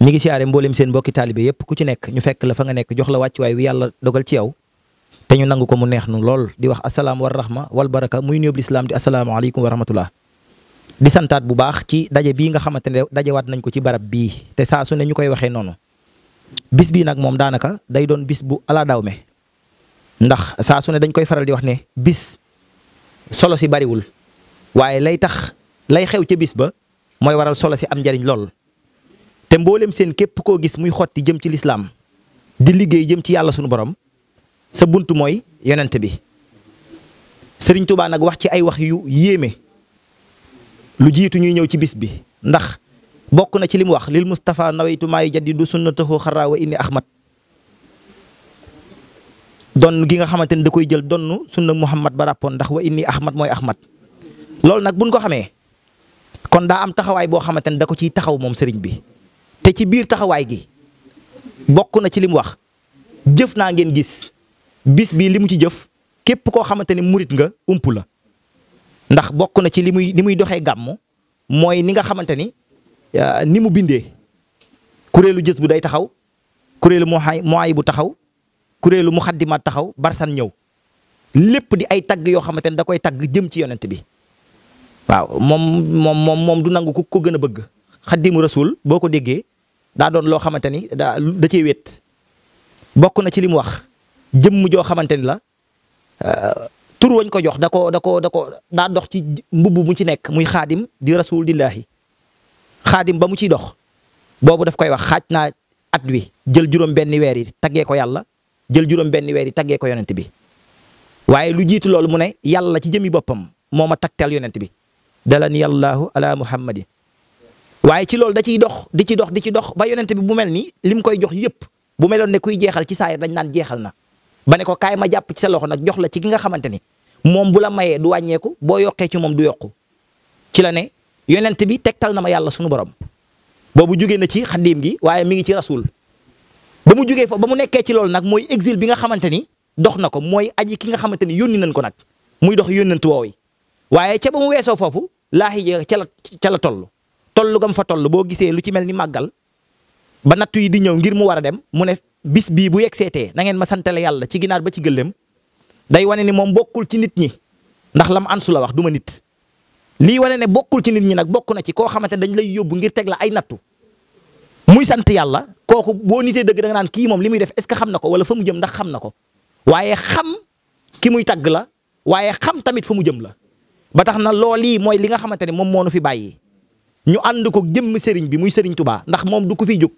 ñu ngi siyaare mboolem seen mbokki taalibe yëpp ku ci nekk ñu fekk la fa nga nekk jox la wàccuwaay wi yàlla dogal ci yow te ñu nangu ko mu neex nu lool di wax asalaam wa rahma wal baraka muy nuyoob lislaam di asalaamaaleykum wa rahmatullah di santaat bu baax ci daje bii nga xamante ne dajewaat nañ ko ci barab bii te saa su ne ñu koy waxee noonu bis bii nag moom daanaka day doon bis bu ala daaw me ndax saa su ne dañ koy faral di wax ne bis solo si bariwul waaye lay tax lay xew ca bis ba mooy waral solo si am njariñ lool. te mboolem seen képp koo gis muy xotti jëm ci lislaam di liggéey jëm ci yàlla sunu borom sa bunt mooy yonent bi sëriñ Tuubaa nag wax ci ay wax yu yéeme lu jiitu ñuy ñëw ci bis bi ndax bokk na ci li mu wax lil Mustafa nawaytu maa yujaddidu sunnatahu xaraa wa inni Ahmad donn gi nga xamante ni da koy jël donn sunna Muhammad ba ràppoon ndax wa inni Ahmad mooy Ahmad loolu nag buñ ko xamee kon daa am taxawaay boo xamante ni da ko ciy taxaw moom sëriñ bi te ci biir taxawaay gi bokk na ci li mu wax jëf naa ngeen gis bis bi li mu ci jëf képp koo xamante ni murit nga ump la ndax bokk na ci li muy li muy doxee gàmm mooy ni nga xamante ni ni mu bindee kuréelu jës bu day taxaw kuréelu moay moay bu taxaw kuréelu mu xaddimaat taxaw barsan ñëw lépp di ay tagg yoo xamante ni da koy tagg jëm ci yonent bi waaw moom moom moom moom du nangu ku ko gën a bëgg xaddimu rasul boo ko déggee daa doon loo xamante ni daa da cee wéet bokk na ci li mu wax jëmm joo xamante ni la euh, tur wañ ko jox da ko da ko da ko daa dox ci mbubb mu ci nekk muy xaadim di rasulillahi xaadim ba mu ciy dox boobu daf koy wax xaaj naa at wi jël juróom benn weer yi taggee ko yàlla jël juróom benn weer yi taggee ko yonent bi waaye lu jiit loolu mu ne yàlla ci jëmi boppam moo ma tagteel yonent bi dala ni allahu ala waaye ci loolu da ciy dox di ci dox di ci dox ba yonent bi bu mel nii lim koy jox yëpp bu meloon ne kuy jeexal ci saayir dañ naan jeexal na ba ne ko kaay ma jàpp ci sa loxo nag jox la ci ki nga xamante ni moom bu la mayee du wàññeeku boo yokkee ci moom du yokku ci la ne yonent bi tegtal na ma yàlla sunu borom boobu jugee na ci xaddiim gi waaye mi ngi ci rasul ba mu jugee foofu ba mu nekkee ci loolu nag mooy exil bi nga xamante ni dox na ko mooy aji ki nga xamante ni yónni nañ ko nag muy dox yónnant woowu waaye ca ba mu weesoo foofu laaxi ca la ca la toll toll gam fa toll boo gisee lu ci mel ni màggal ba nattu yi di ñëw ngir mu war a dem mu ne bis bii bu yegg seetee na ngeen ma santale yàlla ci ginaar ba ci gëléem day wane ni moom bokkul ci nit ñi ndax lam ansu la wax du ma nit. lii wane ne bokkul ci nit ñi nag bokk na ci koo xamante dañ lay yóbbu ngir teg la ay nattu muy sant yàlla kooku boo nitee dëgg da naan kii moom li muy def est ce xam na ko wala fa mu jëm ndax xam na ko waaye xam ki muy tagg la waaye xam tamit fa mu jëm la ba tax na loolu yi mooy li nga xamante ne moom moo nu fi bàyyi. ñu ànd ko jëmm sëriñ bi muy sëriñ tubaa ndax moom du ko fiy jóg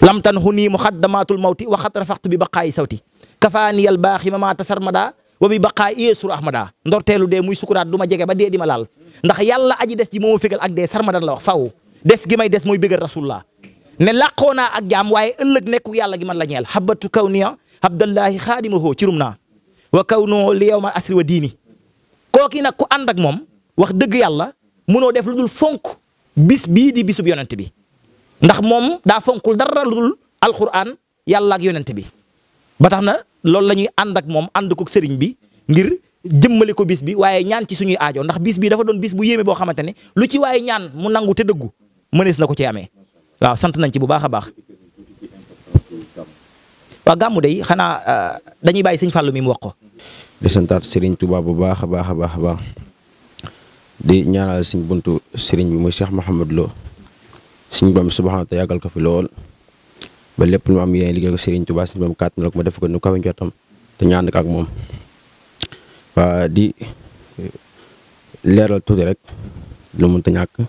lam tan xu nii muxaddamaatul mawti waxat rafaxtu bi baqaayi sawti kafaaniyal baaxi ma maa tasarmada wa bi baqaa yeesur ahmada ndorteelu dee muy sukuraat du ma jege ba dee di ma laal ndax yàlla aji des ji moo ma fegal ak dee sarmadan la wax faw des gi may des mooy bégal rasulullah ne làqoo naa ak jaam waaye ëllëg nekku yàlla gi man la ñeel habatu kaw niya abdallahi xaadimahoo cirum naa wa kaw noo li yow ma asri wa diini kooki nag ku ànd ak moom wax dëgg yàlla mënoo def lu dul fonk bis bii di bisub yonent bi ndax moom daa fonkul dara lu dul alquran yàlla ak yonent bi ba tax na loolu la ñuy ànd ak moom ànd ko sëriñ bi ngir jëmmale ko bis bi waaye ñaan ci suñuy aajo ndax bis bi dafa doon bis bu yéeme boo xamante ne lu ci waaye ñaan mu nangu te dëggu mënees na ko ci amee waaw sant nañ ci bu baax a baax. waaw day xanaa euh, dañuy bàyyi sëñ Fallou mi mu wax ko. di santaat Serigne Touba bu baax a baax a baax a baax. di ñaanal suñ buntu sëriñ bi muy Cheikh Mouhamed Lo suñ bam subhanahu wa yàggal ko fi lool ba lépp lu am yéen liggéey ko sëriñ Tuubaa suñ bam kàttan la ko ma def ko nu kawe njottam te ñaan ak moom waa di leeral tuuti rek lu mënta ñàkk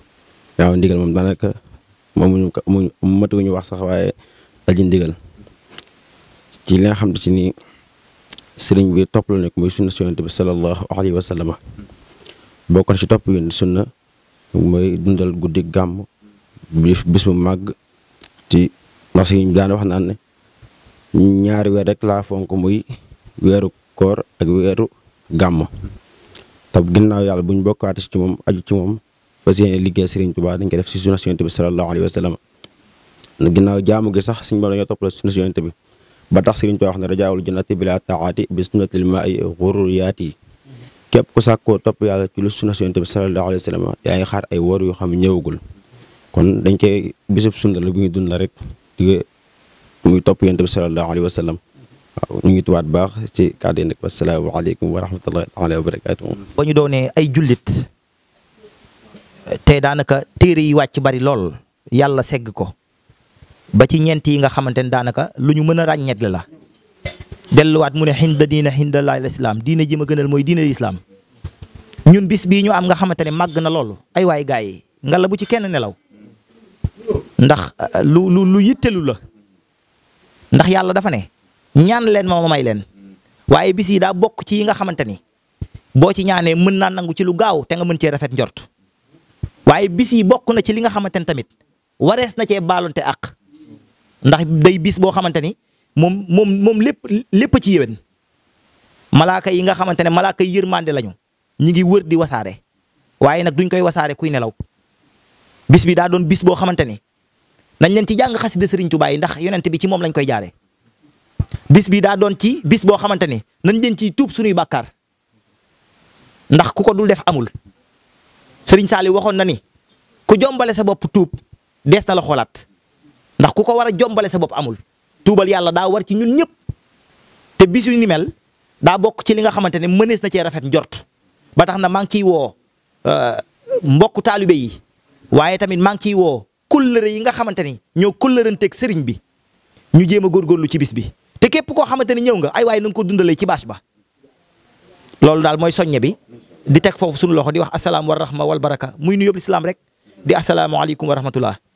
daaw ndigal moom daanaka moom mu matu ñu wax sax waaye daji ndigal ci li nga xam ne ci nii sëriñ bi topp la nekk muy sunna Yonent bi sallallahu alayhi wa bokk na ci topp yoon sunna mooy dundal guddi gàmm bis bu màgg ci marché yi daan wax naan ne ñaari weer rek laa fonk muy weeru koor ak weeru gàmm te ginnaaw yàlla buñ bokkaate ci moom aju ci moom fas yéene liggéey Sëriñ Tuubaa dañ koy def si sunna Yonent bi sallallahu alayhi sax suñ bo dañoo toppal sunna Yonent bi ba tax Sëriñ Tuubaa wax ne rajaawul jannati bila taati bi sunnatil maa'i xururiyaati képp ku sàkkoo topp yàlla ci lu sunna yonent bi sallallahu alayhi wa sallam yaa ngi xaar ay woor yoo xam ne ñëwagul kon dañ koy bisub sunna la bu ñu dund la rek di muy topp yonent bi sallallahu alayhi wa baax ci kàddu yi nag wasalaamaaleykum wa rahmatullahi ba ñu doonee ay jullit te daanaka téere yi wàcc bari lool yàlla segg ko ba ci ñeent yi nga xamante ne daanaka lu ñu mën a ràññeet la delluwaat mu ne xinda diina xinda laay lislaam diina ji ma gënal mooy diina lislaam ñun bis bii ñu am nga xamante ne màgg na loolu ay waay gaa yi nga la bu ci kenn nelaw ndax euh, lu lu la ndax yàlla dafa ne ñaan leen ma may leen waaye bis yi daa bokk ci yi nga xamante ni boo ci ñaanee mën naa nangu ci lu gaaw te nga mën cee rafet njort waaye bis yi bokk na ci li nga xamante ni tamit warees na cee baalonte ak ndax day bis boo xamante ni moom moom moom lépp lépp ci yéwén malaaka yi nga xamante ne malaaka yi yërmande lañu ñu ngi wër di wasaare waaye nag duñ koy wasaare kuy nelaw bis bi daa doon bis boo xamante ne nañ leen ci jàng xasida Sëriñ Tuubaa yi ndax yonent bi ci moom lañ koy jaare bis bi daa doon ci bis boo xamante ne nañ leen ciy tuub suñuy bàkkaar ndax ku ko dul def amul Sëriñ Saali waxoon na ni ku jombale sa bopp tuub des na la xoolaat ndax ku ko war a jombale sa bopp amul tuubal yàlla daa war ci ñun ñëpp te bis yu ni mel daa bokk ci li nga xamante ne mënees na cee rafet njort ba tax na maa ngi ciy woo euh, mbokku taalibe yi waaye tamit maa ngi ciy woo kullëre yi nga xamante ni ñoo kullëranteeg sëriñ bi ñu jéem a góorgóorlu ci bis bi. te képp koo xamante ni ñëw nga ay waaye na ko dundalee ci bâche ba loolu daal mooy soññe bi di teg foofu suñu loxo di wax asalaam wa rahma wal baraka muy nuyoo rek di asalaamualeykum wa rahmatullah